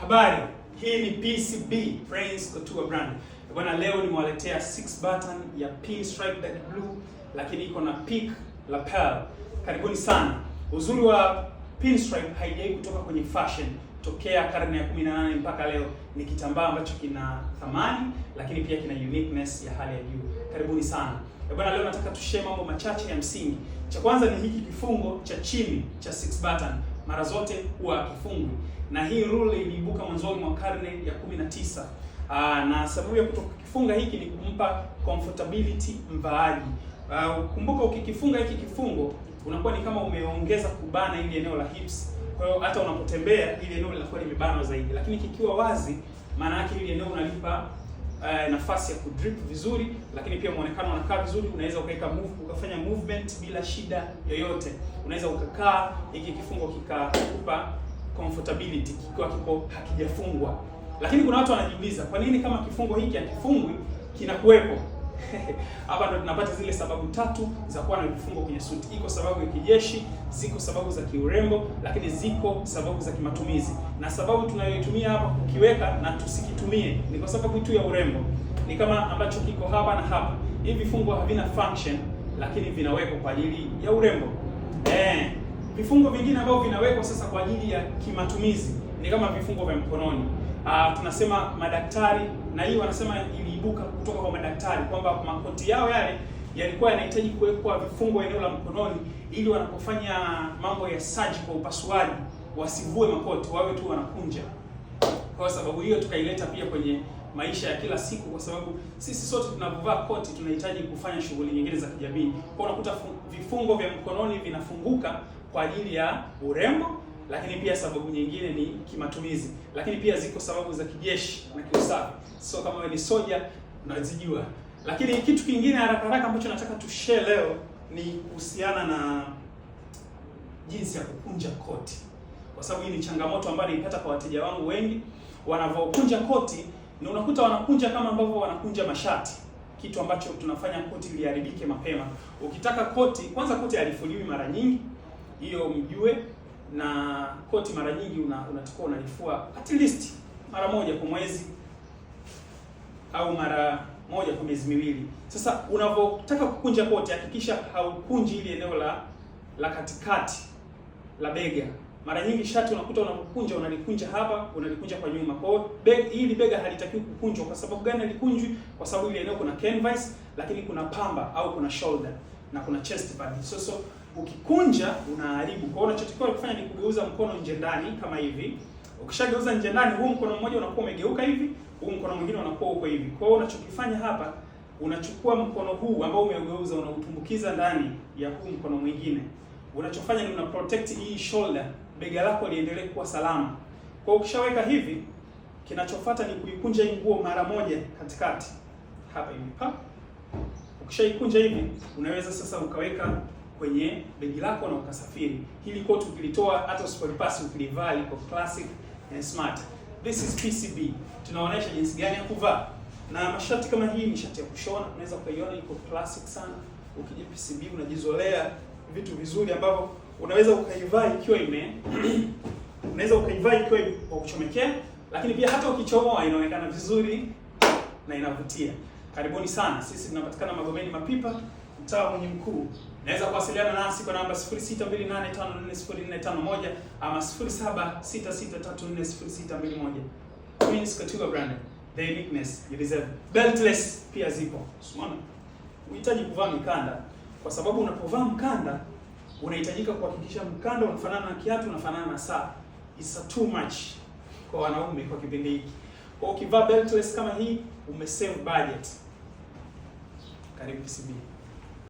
Habari, hii ni PCB Brains Couture brand. Bwana, leo nimewaletea 6 button ya pinstripe dark blue, lakini iko na peak lapel. Karibuni sana. Uzuri wa pinstripe haijai kutoka kwenye fashion tokea karne ya 18 mpaka leo. Ni kitambaa ambacho kina thamani, lakini pia kina uniqueness ya hali ya juu. Karibuni sana. Bwana, leo nataka tushare mambo machache ya msingi. Cha kwanza ni hiki kifungo cha chini cha 6 button mara zote huwa hakifungwi, na hii rule iliibuka mwanzoni mwa karne ya 19. Uh, ah, na sababu ya kutokifunga hiki ni kumpa comfortability mvaaji. Ah, kumbuka ukikifunga hiki kifungo unakuwa ni kama umeongeza kubana ili eneo la hips, kwa hiyo hata unapotembea ile eneo linakuwa limebanwa zaidi, lakini kikiwa wazi, maana yake ile eneo unalipa uh, nafasi ya kudrip vizuri, lakini pia muonekano unakaa vizuri. Unaweza ukaweka move, ukafanya movement bila shida yoyote. Unaweza ukakaa hiki kifungo kikakupa comfortability kikiwa kiko hakijafungwa. Lakini kuna watu wanajiuliza kwa nini kama kifungo hiki hakifungwi kinakuwepo Hapa ndo tunapata zile sababu tatu za kuwa na vifungo kwenye suti. Iko sababu ya kijeshi, ziko sababu za kiurembo, lakini ziko sababu za kimatumizi. Na sababu tunayoitumia hapa kukiweka na tusikitumie ni kwa sababu tu ya urembo, ni kama ambacho kiko hapa na hapa. Hivi vifungo havina function, lakini vinawekwa kwa ajili ya urembo. Eh, vifungo vingine ambavyo vinawekwa sasa kwa ajili ya kimatumizi ni kama vifungo vya mkononi. Ah, tunasema madaktari na hii wanasema ili niliibuka kutoka kwa madaktari kwamba makoti yao yale yalikuwa yanahitaji kuwekwa vifungo eneo la mkononi, ili wanapofanya mambo ya surgical kwa upasuaji wasivue makoti, wawe tu wanakunja. Kwa sababu hiyo tukaileta pia kwenye maisha ya kila siku, kwa sababu sisi sote tunapovaa koti tunahitaji kufanya shughuli nyingine za kijamii. Kwa unakuta vifungo vya mkononi vinafunguka kwa ajili ya urembo lakini pia sababu nyingine ni kimatumizi, lakini pia ziko sababu za kijeshi na kiusafi. So kama wewe ni soja unazijua. Lakini kitu kingine haraka haraka ambacho nataka tushare leo ni kuhusiana na jinsi ya kukunja koti, kwa sababu hii ni changamoto ambayo nilipata kwa wateja wangu wengi. Wanavyokunja koti na unakuta wanakunja kama ambavyo wanakunja mashati, kitu ambacho tunafanya koti liharibike mapema. Ukitaka koti, kwanza koti halifuliwi mara nyingi, hiyo mjue koti mara nyingi unatakiwa una unalifua at least mara moja kwa mwezi au mara moja kwa miezi miwili. Sasa unapotaka kukunja koti, hakikisha haukunji ile eneo la la katikati la bega. Mara nyingi shati unakuta unapokunja unalikunja hapa, unalikunja kwa nyuma. Kwa hiyo hili bega halitakiwi kukunjwa. Kwa sababu gani halikunjwi? Kwa sababu ile eneo kuna canvas, lakini kuna pamba au kuna shoulder na kuna chest pad. So so ukikunja unaharibu. Kwa hiyo unachotakiwa kufanya ni kugeuza mkono nje ndani kama hivi. Ukishageuza nje ndani, huu mkono mmoja unakuwa umegeuka hivi, huu mkono mwingine unakuwa uko hivi. Kwa hiyo unachokifanya hapa, unachukua mkono huu ambao umeugeuza, unautumbukiza ndani ya huu mkono mwingine. Unachofanya ni una protect hii shoulder, bega lako liendelee kuwa salama. Kwa hiyo ukishaweka hivi, kinachofuata ni kuikunja hii nguo mara moja katikati hapa hivi pa. Ukishaikunja hivi, unaweza sasa ukaweka kwenye begi lako na ukasafiri. Hili coat ukilitoa hata usipolipasi ukilivaa liko classic and smart. This is PCB. Tunaonesha jinsi gani ya kuvaa. Na mashati kama hii ni shati ya kushona, unaweza ukaiona iko classic sana. Ukija PCB unajizolea vitu vizuri ambavyo unaweza ukaivaa ikiwa ime unaweza ukaivaa ikiwa kwa kuchomekea, lakini pia hata ukichomoa inaonekana vizuri na inavutia. Karibuni sana, sisi tunapatikana Magomeni Mapipa, mtaa wa Mji Mkuu. Naweza kuwasiliana nasi kwa namba 0628540451 ama 0766340621. Queens Katuga brand. The uniqueness you deserve. Beltless pia zipo. Unaona? Unahitaji kuvaa mikanda kwa sababu unapovaa mkanda unahitajika kuhakikisha mkanda unafanana na kiatu, unafanana na saa. It's a too much kwa wanaume kwa kipindi hiki. Kwa ukivaa beltless kama hii umesave budget. Karibu CB.